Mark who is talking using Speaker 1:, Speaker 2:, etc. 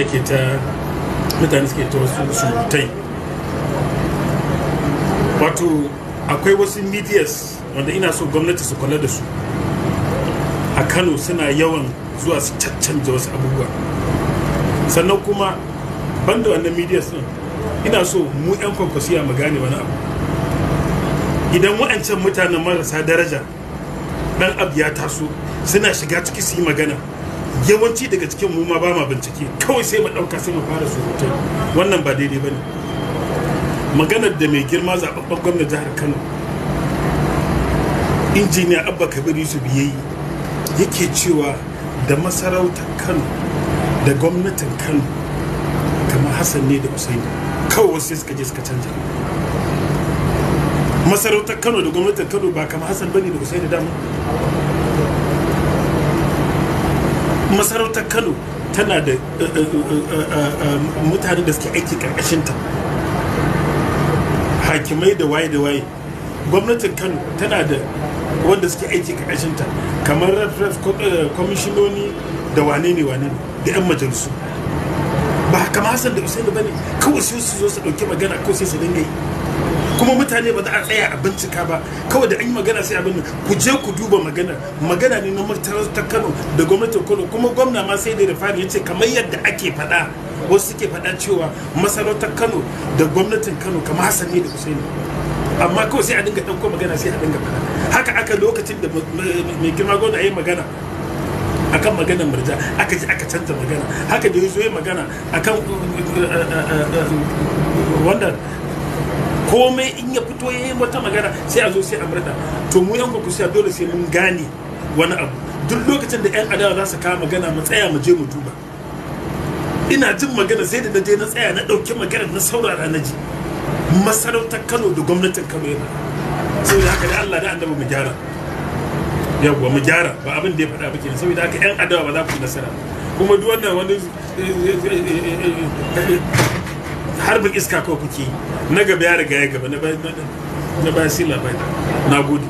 Speaker 1: ake ta mutane suke ta wasu surutai wato akwai wasu medias wanda ina so gwamnati su kula da su a kano suna yawan zuwa su caccanja wasu abubuwa sannan kuma banda wannan medias din ina so mu 'yan kwakwasiya mu gane wani abu idan wa'ancan mutanen marasa daraja dan abu ya taso suna shiga ciki su yi magana yawanci daga cikin mu ma ba ma bincike kawai sai mu ɗauka sai mu fara surutai wannan ba daidai ba ne maganar da mai girma zaɓaɓɓen gwamnan jihar kano injiniya abba kabir yusuf ya yi yake cewa da masarautar kano da gwamnatin kano kamar hassan ne da usaini kawai wasu suka je suka canja masarautar kano da gwamnatin kano ba kamar hassan bane da da dama masarautar kano tana da eh, eh, eh, mutane da suke aiki karkashinta hakimai da waye da waye gwamnatin kano tana da wanda suke aiki karkashinta kamar rafraf kwamishinoni da wane ne wane ne da 'yan majalisu ba kama hassan da usaini ba ne kawai sai su zo su ɗauki magana ko sai su dinga yi kuma mutane ba za a tsaya a bincika ba kawai da an yi magana sai abin ku je ku duba magana magana ne na ta kano da gwamnatin kano kuma gwamna ma sai da rifari ya ce kamar yadda ake faɗa wasu suke faɗa cewa masarautar kano da gwamnatin kano kamar hassan ne da husaini amma kawai sai a dinga ɗauko magana sai a dinga faɗa haka aka lokacin da mai girma gona ya yi magana akan maganar murja aka ji aka canza magana haka da ya zo ya magana akan eh, eh, eh, wanda komai in ya fito ya yi wata magana sai a zo sai a murda to mu yan dole sai mun gane wani abu duk lokacin da yan adawa za su kawo magana mu tsaya mu je mu duba ina jin magana sai da na je na tsaya na ɗauki magana na saurara na ji masarautar kano da gwamnatin kano yana da haka da allah da annabi mu gyara yawwa mu gyara ba abin da ya faɗa ba kenan saboda haka yan adawa ba za ku nasara kuma duk wannan wani eh, eh, eh, harbin iska ko kuke na gaba ya riga ya gaba na ba sila bai na gode